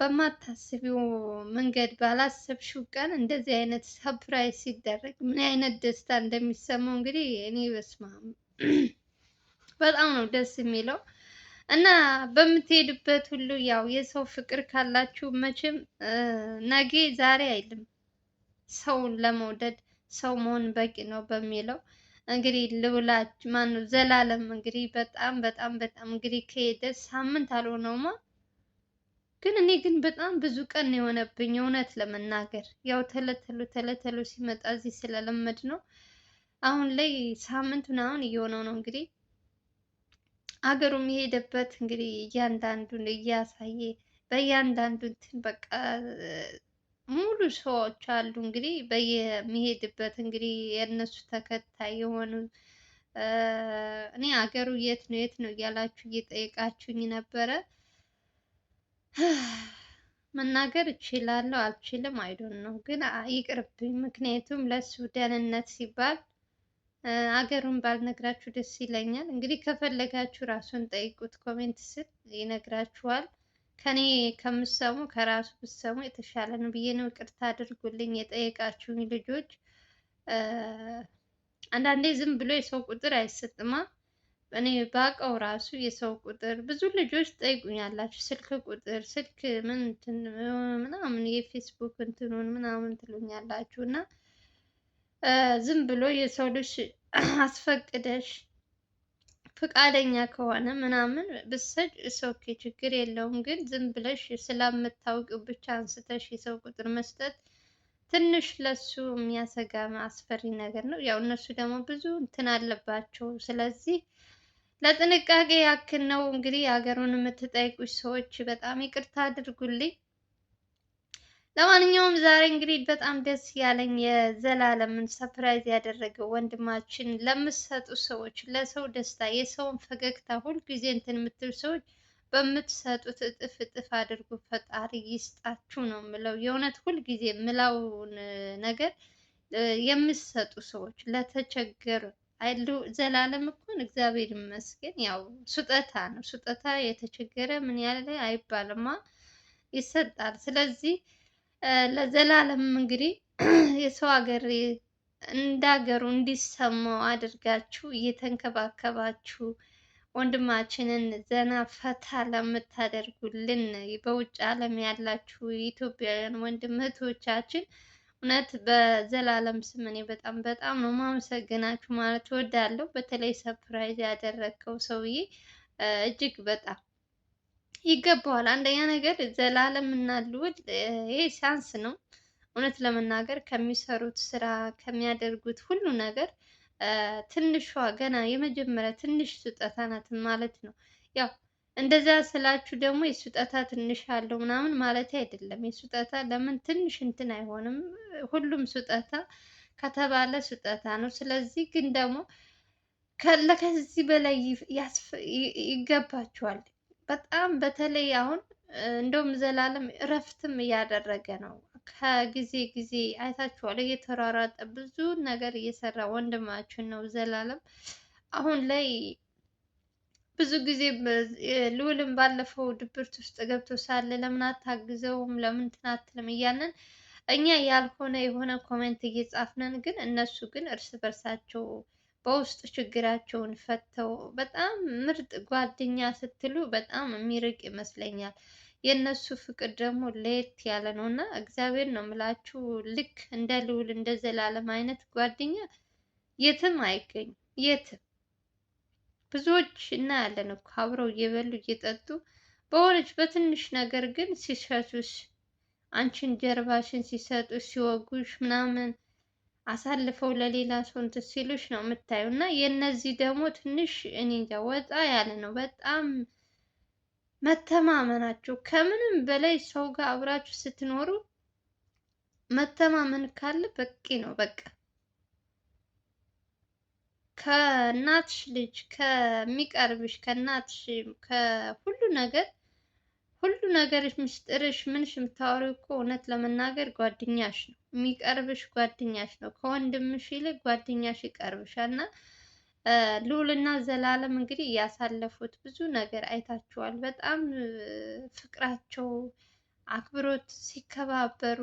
በማታስቢው መንገድ ባላሰብሽው ቀን እንደዚህ አይነት ሰፕራይዝ ሲደረግ ምን አይነት ደስታ እንደሚሰማው እንግዲህ እኔ በስማ በጣም ነው ደስ የሚለው። እና በምትሄድበት ሁሉ ያው የሰው ፍቅር ካላችሁ መቼም ነገ ዛሬ አይልም። ሰውን ለመውደድ ሰው መሆን በቂ ነው በሚለው እንግዲህ ልውላች ማነው ዘላለም እንግዲህ በጣም በጣም በጣም እንግዲህ ከሄደ ሳምንት አልሆነውማ ግን እኔ ግን በጣም ብዙ ቀን የሆነብኝ እውነት ለመናገር ያው ተለተሎ ተለተሎ ሲመጣ እዚህ ስለለመድ ነው። አሁን ላይ ሳምንት ምናምን እየሆነው ነው እንግዲህ አገሩ የሚሄድበት እንግዲህ እያንዳንዱን እያሳየ በእያንዳንዱ እንትን በቃ ሙሉ ሰዎች አሉ እንግዲህ በየሚሄድበት እንግዲህ የእነሱ ተከታይ የሆኑ እኔ አገሩ የት ነው የት ነው እያላችሁ እየጠየቃችሁኝ ነበረ። መናገር እችላለሁ አልችልም አይዶን ነው፣ ግን ይቅርብኝ። ምክንያቱም ለሱ ደህንነት ሲባል አገሩን ባልነግራችሁ ደስ ይለኛል። እንግዲህ ከፈለጋችሁ ራሱን ጠይቁት፣ ኮሜንት ስር ይነግራችኋል። ከኔ ከምሰሙ ከራሱ ብሰሙ የተሻለ ነው ብዬ ነው። ይቅርታ አድርጉልኝ የጠየቃችሁኝ ልጆች። አንዳንዴ ዝም ብሎ የሰው ቁጥር አይሰጥማ። እኔ ባቀው ራሱ የሰው ቁጥር ብዙ ልጆች ጠይቁኛላችሁ፣ ስልክ ቁጥር ስልክ ምን ምናምን የፌስቡክ እንትኑን ምናምን ትሉኛላችሁ እና ዝም ብሎ የሰው ልጅ አስፈቅደሽ ፍቃደኛ ከሆነ ምናምን ብሰጭ እሰኬ ችግር የለውም። ግን ዝም ብለሽ ስለምታውቂው ብቻ አንስተሽ የሰው ቁጥር መስጠት ትንሽ ለሱ የሚያሰጋ አስፈሪ ነገር ነው። ያው እነሱ ደግሞ ብዙ እንትን አለባቸው። ስለዚህ ለጥንቃቄ ያክል ነው እንግዲህ ሀገሩን የምትጠይቁች ሰዎች በጣም ይቅርታ አድርጉልኝ። ለማንኛውም ዛሬ እንግዲህ በጣም ደስ ያለኝ የዘላለምን ሰፕራይዝ ያደረገው ወንድማችን ለምትሰጡ ሰዎች፣ ለሰው ደስታ የሰውን ፈገግታ ሁልጊዜ እንትን የምትሉ ሰዎች በምትሰጡት እጥፍ እጥፍ አድርጉ። ፈጣሪ ይስጣችሁ ነው የምለው። የእውነት ሁልጊዜ ምላውን ነገር የምትሰጡ ሰዎች ለተቸገሩ አይሉ ዘላለም እኮን እግዚአብሔር ይመስገን። ያው ስጦታ ነው። ስጦታ የተቸገረ ምን ያለ አይባልማ ይሰጣል። ስለዚህ ለዘላለም እንግዲህ የሰው ሀገር እንዳገሩ እንዲሰማው አድርጋችሁ እየተንከባከባችሁ ወንድማችንን ዘና ፈታ ለምታደርጉልን በውጭ ዓለም ያላችሁ የኢትዮጵያውያን ወንድም እህቶቻችን እውነት በዘላለም ስም እኔ በጣም በጣም ነው ማመሰግናችሁ ማለት እወዳለሁ። በተለይ ሰፕራይዝ ያደረግከው ሰውዬ እጅግ በጣም ይገባዋል። አንደኛ ነገር ዘላለም እና ይሄ ቻንስ ነው። እውነት ለመናገር ከሚሰሩት ስራ ከሚያደርጉት ሁሉ ነገር ትንሿ ገና የመጀመሪያ ትንሽ ስጦታ ናት ማለት ነው ያው እንደዛ ስላችሁ ደግሞ የስጦታ ትንሽ አለው ምናምን ማለት አይደለም። የስጦታ ለምን ትንሽ እንትን አይሆንም። ሁሉም ስጦታ ከተባለ ስጦታ ነው። ስለዚህ ግን ደግሞ ከዚህ በላይ ይገባችኋል። በጣም በተለይ አሁን እንደውም ዘላለም እረፍትም እያደረገ ነው። ከጊዜ ጊዜ አይታችኋል፣ እየተሯሯጠ ብዙ ነገር እየሰራ ወንድማችን ነው ዘላለም አሁን ላይ ብዙ ጊዜ ልዑልም ባለፈው ድብርት ውስጥ ገብቶ ሳለ ለምን አታግዘውም ለምን ትናትልም እያለን እኛ ያልሆነ የሆነ ኮሜንት እየጻፍነን፣ ግን እነሱ ግን እርስ በርሳቸው በውስጥ ችግራቸውን ፈተው በጣም ምርጥ ጓደኛ ስትሉ በጣም የሚርቅ ይመስለኛል። የእነሱ ፍቅር ደግሞ ለየት ያለ ነው እና እግዚአብሔር ነው የምላችሁ። ልክ እንደ ልዑል እንደ ዘላለም አይነት ጓደኛ የትም አይገኝም የትም ብዙዎች እናያለን እኮ አብረው እየበሉ እየጠጡ በሆነች በትንሽ ነገር ግን ሲሸሱሽ፣ አንቺን ጀርባሽን ሲሰጡ ሲወጉሽ ምናምን አሳልፈው ለሌላ ሰው እንትን ሲሉሽ ነው የምታዩ። እና የእነዚህ ደግሞ ትንሽ እኔ እንጃ ወጣ ያለ ነው። በጣም መተማመናቸው። ከምንም በላይ ሰው ጋር አብራችሁ ስትኖሩ መተማመን ካለ በቂ ነው በቃ ከእናትሽ ልጅ ከሚቀርብሽ ከእናትሽ ከሁሉ ነገር ሁሉ ነገርሽ ምስጢርሽ ምንሽ የምታወሪው እኮ እውነት ለመናገር ጓደኛሽ ነው የሚቀርብሽ ጓደኛሽ ነው። ከወንድምሽ ይልቅ ጓደኛሽ ይቀርብሻል። እና ልዑልና ዘላለም እንግዲህ ያሳለፉት ብዙ ነገር አይታችኋል። በጣም ፍቅራቸው፣ አክብሮት፣ ሲከባበሩ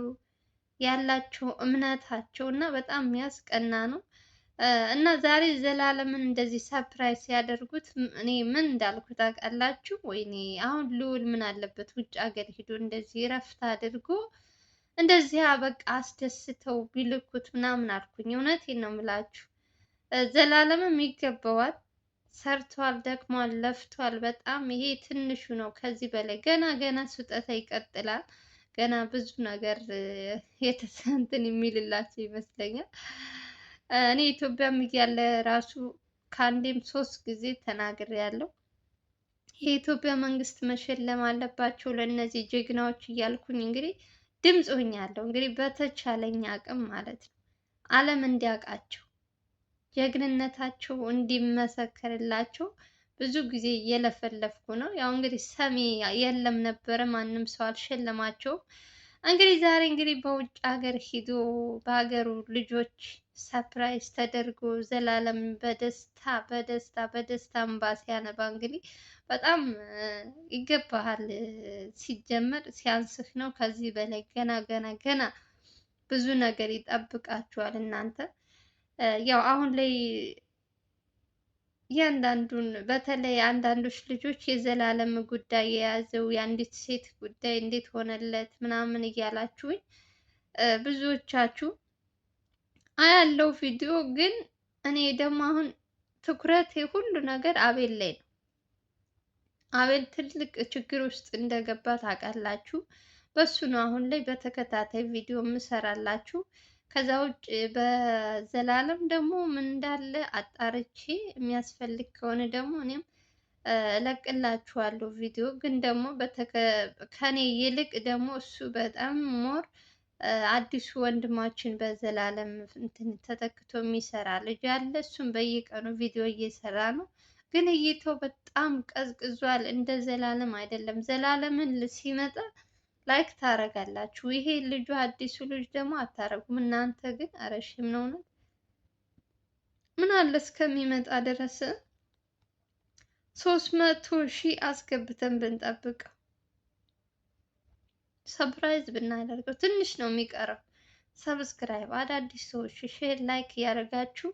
ያላቸው እምነታቸው እና በጣም የሚያስቀና ነው። እና ዛሬ ዘላለምን እንደዚህ ሰርፕራይዝ ሲያደርጉት እኔ ምን እንዳልኩ ታውቃላችሁ? ወይኔ አሁን ልዑል ምን አለበት ውጭ ሀገር ሂዶ እንደዚህ እረፍት አድርጎ እንደዚህ በቃ አስደስተው ቢልኩት ምናምን አልኩኝ። እውነቴን ነው የምላችሁ። ዘላለምም ይገባዋል። ሰርቷል፣ ደክሟል፣ ለፍቷል በጣም ይሄ ትንሹ ነው። ከዚህ በላይ ገና ገና ስጦታ ይቀጥላል። ገና ብዙ ነገር የተሰንትን የሚልላቸው ይመስለኛል። እኔ ኢትዮጵያ እያለ ራሱ ከአንዴም ሶስት ጊዜ ተናግሬያለሁ። የኢትዮጵያ መንግስት መሸለም አለባቸው ለእነዚህ ጀግናዎች እያልኩኝ እንግዲህ ድምፅ ሆኛለሁ። እንግዲህ በተቻለኝ አቅም ማለት ነው ዓለም እንዲያውቃቸው ጀግንነታቸው እንዲመሰከርላቸው ብዙ ጊዜ እየለፈለፍኩ ነው። ያው እንግዲህ ሰሚ የለም ነበረ፣ ማንም ሰው አልሸለማቸውም። እንግዲህ ዛሬ እንግዲህ በውጭ ሀገር ሂዶ በሀገሩ ልጆች ሰፕራይዝ ተደርጎ ዘላለም በደስታ በደስታ በደስታ እንባ ሲያነባ እንግዲህ በጣም ይገባሃል። ሲጀመር ሲያንስህ ነው። ከዚህ በላይ ገና ገና ገና ብዙ ነገር ይጠብቃችኋል እናንተ። ያው አሁን ላይ እያንዳንዱን በተለይ አንዳንዶች ልጆች የዘላለም ጉዳይ የያዘው የአንዲት ሴት ጉዳይ እንዴት ሆነለት ምናምን እያላችሁኝ ብዙዎቻችሁ አያለው ቪዲዮ ግን እኔ ደግሞ አሁን ትኩረቴ ሁሉ ነገር አቤል ላይ ነው። አቤል ትልቅ ችግር ውስጥ እንደገባ ታውቃላችሁ። በሱ ነው አሁን ላይ በተከታታይ ቪዲዮ የምሰራላችሁ። ከዛ ውጭ በዘላለም ደግሞ ምን እንዳለ አጣርቼ የሚያስፈልግ ከሆነ ደግሞ እኔም እለቅላችኋለሁ ቪዲዮ። ግን ደግሞ ከኔ ይልቅ ደግሞ እሱ በጣም ሞር አዲሱ ወንድማችን በዘላለም እንትን ተተክቶ የሚሰራ ልጅ ያለ እሱም በየቀኑ ቪዲዮ እየሰራ ነው። ግን እይታው በጣም ቀዝቅዟል። እንደ ዘላለም አይደለም። ዘላለምን ሲመጣ ላይክ ታረጋላችሁ። ይሄ ልጁ አዲሱ ልጅ ደግሞ አታረጉም እናንተ ግን አረሽም ነው ነው ምን አለ እስከሚመጣ ድረስ ሶስት መቶ ሺህ አስገብተን ብንጠብቀው ሰፕራይዝ ብናደርገው ትንሽ ነው የሚቀረው። ሰብስክራይብ፣ አዳዲስ ሰዎች ሼር፣ ላይክ እያደረጋችሁ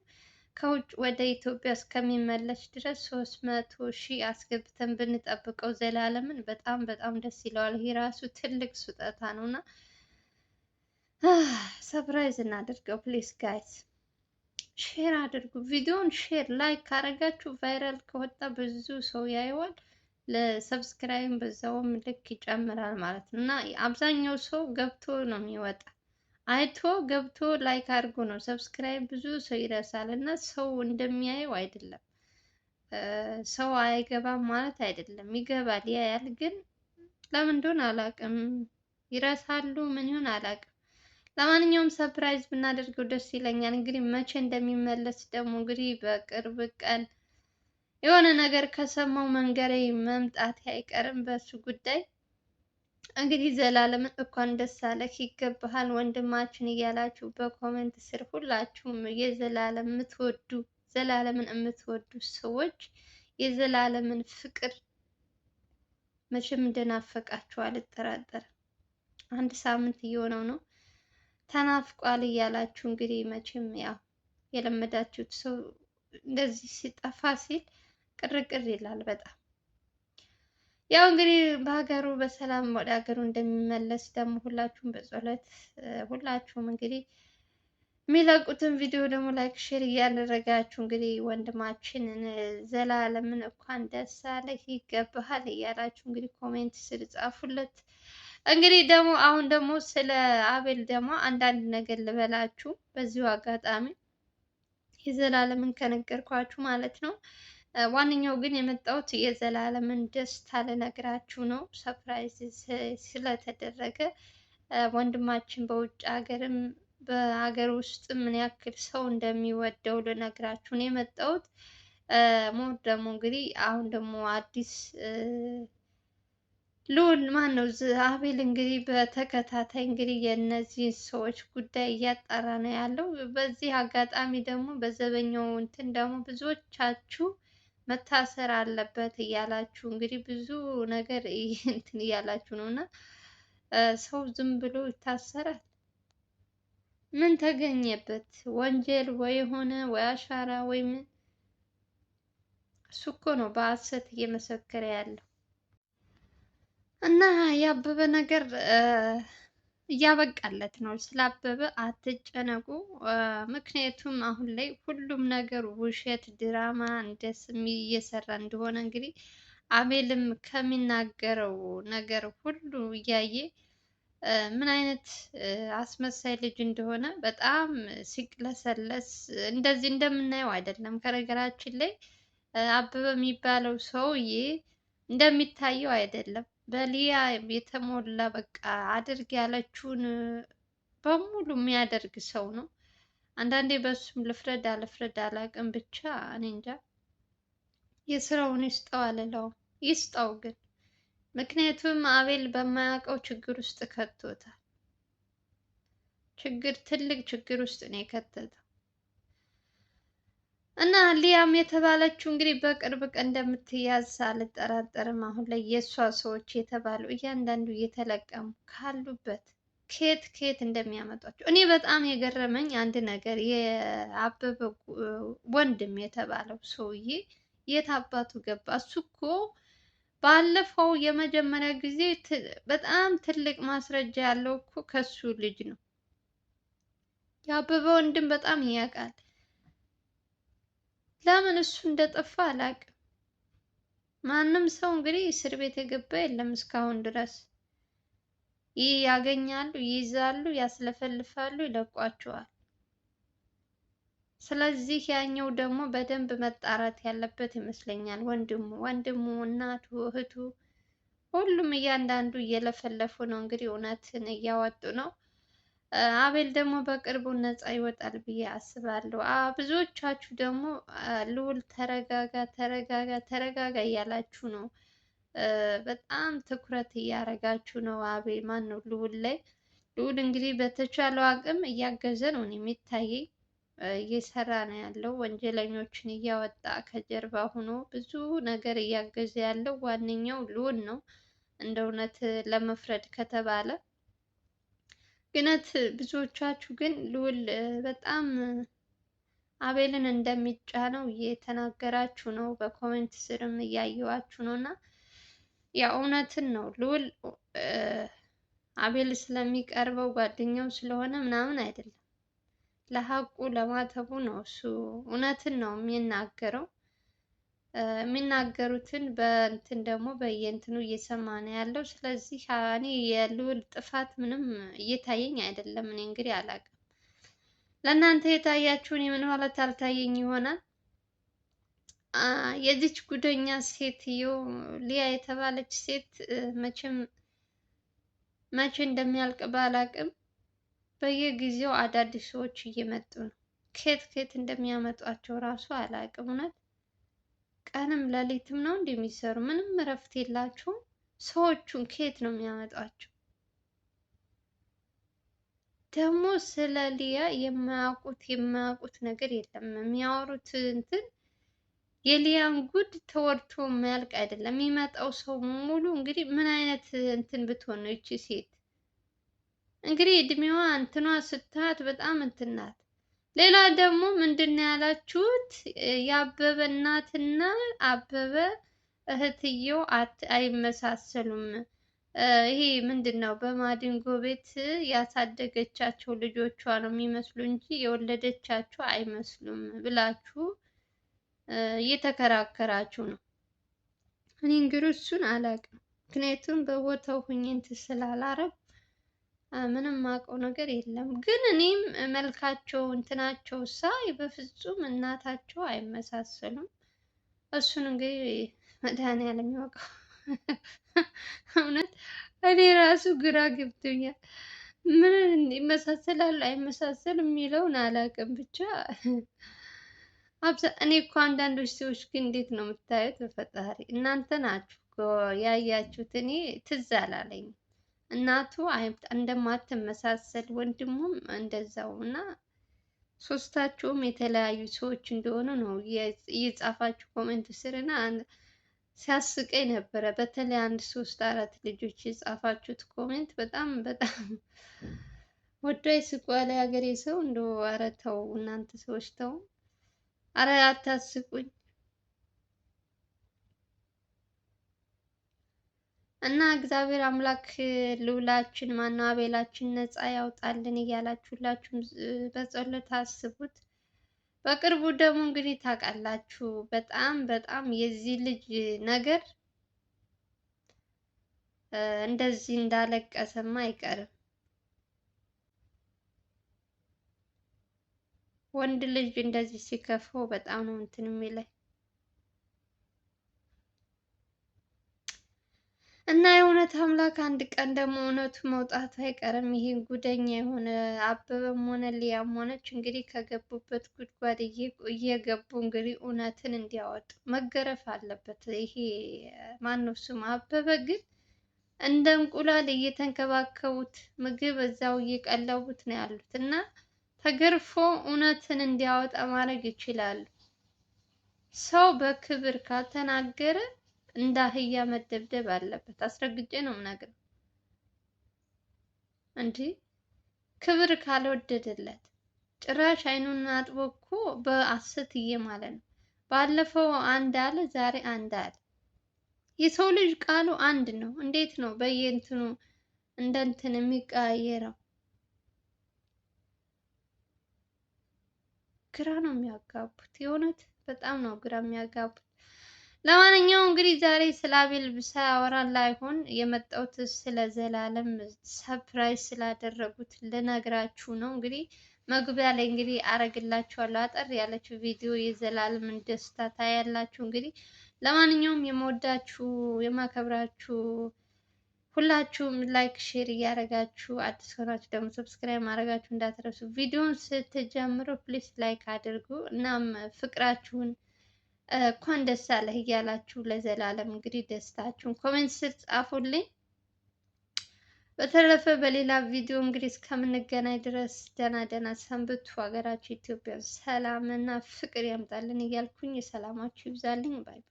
ከውጭ ወደ ኢትዮጵያ እስከሚመለስ ድረስ ሶስት መቶ ሺህ አስገብተን ብንጠብቀው ዘላለምን በጣም በጣም ደስ ይለዋል። ይህ ራሱ ትልቅ ስጦታ ነው እና ሰፕራይዝ እናደርገው ፕሊስ ጋይስ። ሼር አድርጉ ቪዲዮውን ሼር ላይክ ካረጋችሁ ቫይራል ከወጣ ብዙ ሰው ያየዋል። ለሰብስክራይብ በዛውም ልክ ይጨምራል ማለት ነው። እና አብዛኛው ሰው ገብቶ ነው የሚወጣ አይቶ ገብቶ ላይክ አድርጎ ነው ሰብስክራይብ ብዙ ሰው ይረሳል። እና ሰው እንደሚያየው አይደለም። ሰው አይገባም ማለት አይደለም፣ ይገባል፣ ያያል። ግን ለምን እንደሆነ አላውቅም፣ ይረሳሉ። ምን ይሆን አላውቅም። ለማንኛውም ሰርፕራይዝ ብናደርገው ደስ ይለኛል። እንግዲህ መቼ እንደሚመለስ ደግሞ እንግዲህ በቅርብ ቀን የሆነ ነገር ከሰማው መንገሬ መምጣት አይቀርም። በሱ ጉዳይ እንግዲህ ዘላለምን እንኳን ደስ አለህ ይገባሃል ወንድማችን እያላችሁ በኮሜንት ስር ሁላችሁም የዘላለም የምትወዱ ዘላለምን የምትወዱ ሰዎች የዘላለምን ፍቅር መቼም እንደናፈቃችሁ አልጠራጠርም። አንድ ሳምንት እየሆነው ነው ተናፍቋል እያላችሁ እንግዲህ መቼም ያው የለመዳችሁት ሰው እንደዚህ ሲጠፋ ሲል ቅርቅር ይላል በጣም። ያው እንግዲህ በሀገሩ በሰላም ወደ ሀገሩ እንደሚመለስ ደግሞ ሁላችሁም በጸሎት ሁላችሁም እንግዲህ የሚለቁትን ቪዲዮ ደግሞ ላይክ ሼር እያደረጋችሁ እንግዲህ ወንድማችንን ዘላለምን እንኳን ደስ አለህ ይገባሃል እያላችሁ እንግዲህ ኮሜንት ስር ጻፉለት። እንግዲህ ደግሞ አሁን ደግሞ ስለ አቤል ደግሞ አንዳንድ ነገር ልበላችሁ በዚሁ አጋጣሚ የዘላለምን ከነገርኳችሁ ማለት ነው። ዋነኛው ግን የመጣሁት የዘላለምን ደስታ ልነግራችሁ ነው። ሰፕራይዝ ስለተደረገ ወንድማችን በውጭ ሀገርም በሀገር ውስጥ ምን ያክል ሰው እንደሚወደው ልነግራችሁ ነው የመጣሁት። ሞት ደግሞ እንግዲህ አሁን ደግሞ አዲስ ልዑል ማን ነው አቤል እንግዲህ በተከታታይ እንግዲህ የእነዚህ ሰዎች ጉዳይ እያጣራ ነው ያለው። በዚህ አጋጣሚ ደግሞ በዘበኛው እንትን ደግሞ ብዙዎቻችሁ መታሰር አለበት እያላችሁ እንግዲህ ብዙ ነገር እንትን እያላችሁ ነው። እና ሰው ዝም ብሎ ይታሰራል? ምን ተገኘበት? ወንጀል ወይ የሆነ ወይ አሻራ ወይ ምን? እሱ እኮ ነው በሐሰት እየመሰከረ ያለው። እና ያበበ ነገር እያበቃለት ነው። ስላበበ አትጨነቁ። ምክንያቱም አሁን ላይ ሁሉም ነገር ውሸት፣ ድራማ እንደስ እየሰራ እንደሆነ እንግዲህ አቤልም ከሚናገረው ነገር ሁሉ እያየ ምን አይነት አስመሳይ ልጅ እንደሆነ በጣም ሲቅለሰለስ እንደዚህ እንደምናየው አይደለም። ከነገራችን ላይ አበበ የሚባለው ሰውዬ እንደሚታየው አይደለም። በሊያ የተሞላ በቃ አድርግ ያለችውን በሙሉ የሚያደርግ ሰው ነው። አንዳንዴ በሱም ልፍረድ አልፍረድ አላቅም። ብቻ እኔ እንጃ። የስራውን ይስጠው አልለውም፣ ይስጠው ግን ምክንያቱም አቤል በማያውቀው ችግር ውስጥ ከቶታል። ችግር ትልቅ ችግር ውስጥ ነው የከተተው። እና ሊያም የተባለችው እንግዲህ በቅርብ ቀን እንደምትያዝ አልጠራጠርም። አሁን ላይ የእሷ ሰዎች የተባሉ እያንዳንዱ እየተለቀሙ ካሉበት ኬት ኬት እንደሚያመጧቸው እኔ በጣም የገረመኝ አንድ ነገር የአበበ ወንድም የተባለው ሰውዬ የት አባቱ ገባ? እሱ እኮ ባለፈው የመጀመሪያ ጊዜ በጣም ትልቅ ማስረጃ ያለው እኮ ከሱ ልጅ ነው። የአበበ ወንድም በጣም ያውቃል። ለምን እሱ እንደጠፋ አላቅም ማንም ሰው እንግዲህ እስር ቤት የገባ የለም እስካሁን ድረስ። ይህ ያገኛሉ፣ ይይዛሉ፣ ያስለፈልፋሉ፣ ይለቋቸዋል። ስለዚህ ያኛው ደግሞ በደንብ መጣራት ያለበት ይመስለኛል። ወንድሙ ወንድሙ፣ እናቱ፣ እህቱ፣ ሁሉም እያንዳንዱ እየለፈለፉ ነው እንግዲህ እውነትን እያወጡ ነው። አቤል ደግሞ በቅርቡ ነፃ ይወጣል ብዬ አስባለሁ። ብዙዎቻችሁ ደግሞ ልዑል ተረጋጋ ተረጋጋ ተረጋጋ እያላችሁ ነው። በጣም ትኩረት እያደረጋችሁ ነው። አቤል ማን ነው ልዑል ላይ ልዑል እንግዲህ በተቻለው አቅም እያገዘ ነው የሚታየኝ፣ እየሰራ ነው ያለው። ወንጀለኞችን እያወጣ ከጀርባ ሆኖ ብዙ ነገር እያገዘ ያለው ዋነኛው ልዑል ነው እንደ እውነት ለመፍረድ ከተባለ ግነት ብዙዎቻችሁ ግን ልዑል በጣም አቤልን እንደሚጫነው እየተናገራችሁ ነው። በኮሜንት ስርም እያየዋችሁ ነው። እና ያ እውነትን ነው ልዑል አቤል ስለሚቀርበው ጓደኛው ስለሆነ ምናምን አይደለም። ለሀቁ ለማተቡ ነው እሱ እውነትን ነው የሚናገረው። የሚናገሩትን በእንትን ደግሞ በየእንትኑ እየሰማ ነው ያለው። ስለዚህ እኔ የልዑል ጥፋት ምንም እየታየኝ አይደለም። እኔ እንግዲህ አላውቅም፣ ለእናንተ የታያችሁን የምን ማለት አልታየኝ ይሆናል። የዚች ጉደኛ ሴትዮ ሊያ የተባለች ሴት መቼም መቼ እንደሚያልቅ ባላውቅም በየጊዜው አዳዲስ ሰዎች እየመጡ ነው። ከየት ከየት እንደሚያመጧቸው ራሱ አላውቅም እውነት ቀንም ለሊትም ነው እንደ የሚሰሩ ምንም እረፍት የላቸውም። ሰዎቹን ከየት ነው የሚያመጣቸው? ደግሞ ስለ ሊያ የማያውቁት የማያውቁት ነገር የለም። የሚያወሩት እንትን የሊያን ጉድ ተወርቶ ማያልቅ አይደለም። የሚመጣው ሰው ሙሉ እንግዲህ ምን አይነት እንትን ብትሆን ነው ይቺ ሴት እንግዲህ እድሜዋ እንትኗ ስታያት በጣም እንትን ናት። ሌላ ደግሞ ምንድን ነው ያላችሁት? የአበበ እናትና አበበ እህትየው አይመሳሰሉም። ይሄ ምንድን ነው? በማዲንጎ ቤት ያሳደገቻቸው ልጆቿ ነው የሚመስሉ እንጂ የወለደቻቸው አይመስሉም ብላችሁ እየተከራከራችሁ ነው። እኔ እንግዲህ እሱን አላውቅም፣ ምክንያቱም በቦታው ሁኜ እንትን ስላላረኩ ምንም ማውቀው ነገር የለም። ግን እኔም መልካቸው እንትናቸው ሳይ በፍጹም እናታቸው አይመሳሰሉም። እሱን እንግዲህ መድኃኒዓለም ያውቀው። እውነት እኔ ራሱ ግራ ገብቶኛል። ምን ይመሳሰላል አይመሳሰል የሚለውን አላውቅም። ብቻ አብዛ እኔ እኮ አንዳንዶች ሰዎች ግን እንዴት ነው የምታዩት? በፈጣሪ እናንተ ናችሁ ያያችሁት። እኔ ትዝ አላለኝም እናቱ እንደማትመሳሰል ወንድሙም እንደዛው እና ሶስታችሁም የተለያዩ ሰዎች እንደሆኑ ነው እየጻፋችሁ ኮሜንት ስር እና ሲያስቀኝ ነበረ። በተለይ አንድ ሶስት አራት ልጆች የጻፋችሁት ኮሜንት በጣም በጣም ወዶ ይስቁ ያለ ሀገሬ ሰው እንደ ኧረ ተው እናንተ ሰዎች ተው፣ አታስቁኝ። እና እግዚአብሔር አምላክ ልዑላችን ማነው አቤላችን ነፃ ያውጣልን እያላችሁ ሁላችሁም በጸሎት አስቡት። በቅርቡ ደግሞ እንግዲህ ታውቃላችሁ በጣም በጣም የዚህ ልጅ ነገር እንደዚህ እንዳለቀሰማ አይቀርም። ወንድ ልጅ እንደዚህ ሲከፋው በጣም ነው እንትን የሚለኝ። እና የእውነት አምላክ አንድ ቀን ደግሞ እውነቱ መውጣት አይቀርም። ይሄ ጉደኛ የሆነ አበበም ሆነ ሊያም ሆነች እንግዲህ ከገቡበት ጉድጓድ እየገቡ እንግዲህ እውነትን እንዲያወጡ መገረፍ አለበት። ይሄ ማነው ስሙ አበበ ግን እንደ እንቁላል እየተንከባከቡት ምግብ እዛው እየቀለቡት ነው ያሉት እና ተገርፎ እውነትን እንዲያወጣ ማድረግ ይችላሉ። ሰው በክብር ካልተናገረ እንደ አህያ መደብደብ አለበት። አስረግጬ ነው የምነግረው። እንዲህ ክብር ካልወደደለት ጭራሽ አይኑን አጥቦ እኮ በአስት እየማለ ነው። ባለፈው አንድ አለ፣ ዛሬ አንድ አለ። የሰው ልጅ ቃሉ አንድ ነው። እንዴት ነው በየእንትኑ እንደ እንትን የሚቀያየረው? ግራ ነው የሚያጋቡት። የእውነት በጣም ነው ግራ የሚያጋቡት። ለማንኛውም እንግዲህ ዛሬ ስለ አቤል ሳወራ ላይሆን የመጣሁት ስለ ዘላለም ሰፕራይዝ ስላደረጉት ልነግራችሁ ነው። እንግዲህ መግቢያ ላይ እንግዲህ አረግላችኋለሁ አጠር ያለችው ቪዲዮ የዘላለምን ደስታ ታያላችሁ። እንግዲህ ለማንኛውም የመወዳችሁ የማከብራችሁ ሁላችሁም ላይክ ሼር እያደረጋችሁ አዲስ ከሆናችሁ ደግሞ ሰብስክራይብ ማድረጋችሁ እንዳትረሱ። ቪዲዮውን ስትጀምሩ ፕሊስ ላይክ አድርጉ። እናም ፍቅራችሁን እንኳን ደስ አለህ እያላችሁ ለዘላለም እንግዲህ ደስታችሁን ኮሜንት ስር ጻፉልኝ። በተረፈ በሌላ ቪዲዮ እንግዲህ እስከምንገናኝ ድረስ ደህና ደህና ሰንብቱ። ሀገራችሁ ኢትዮጵያን ሰላምና ፍቅር ያምጣልን እያልኩኝ ሰላማችሁ ይብዛልኝ ባይ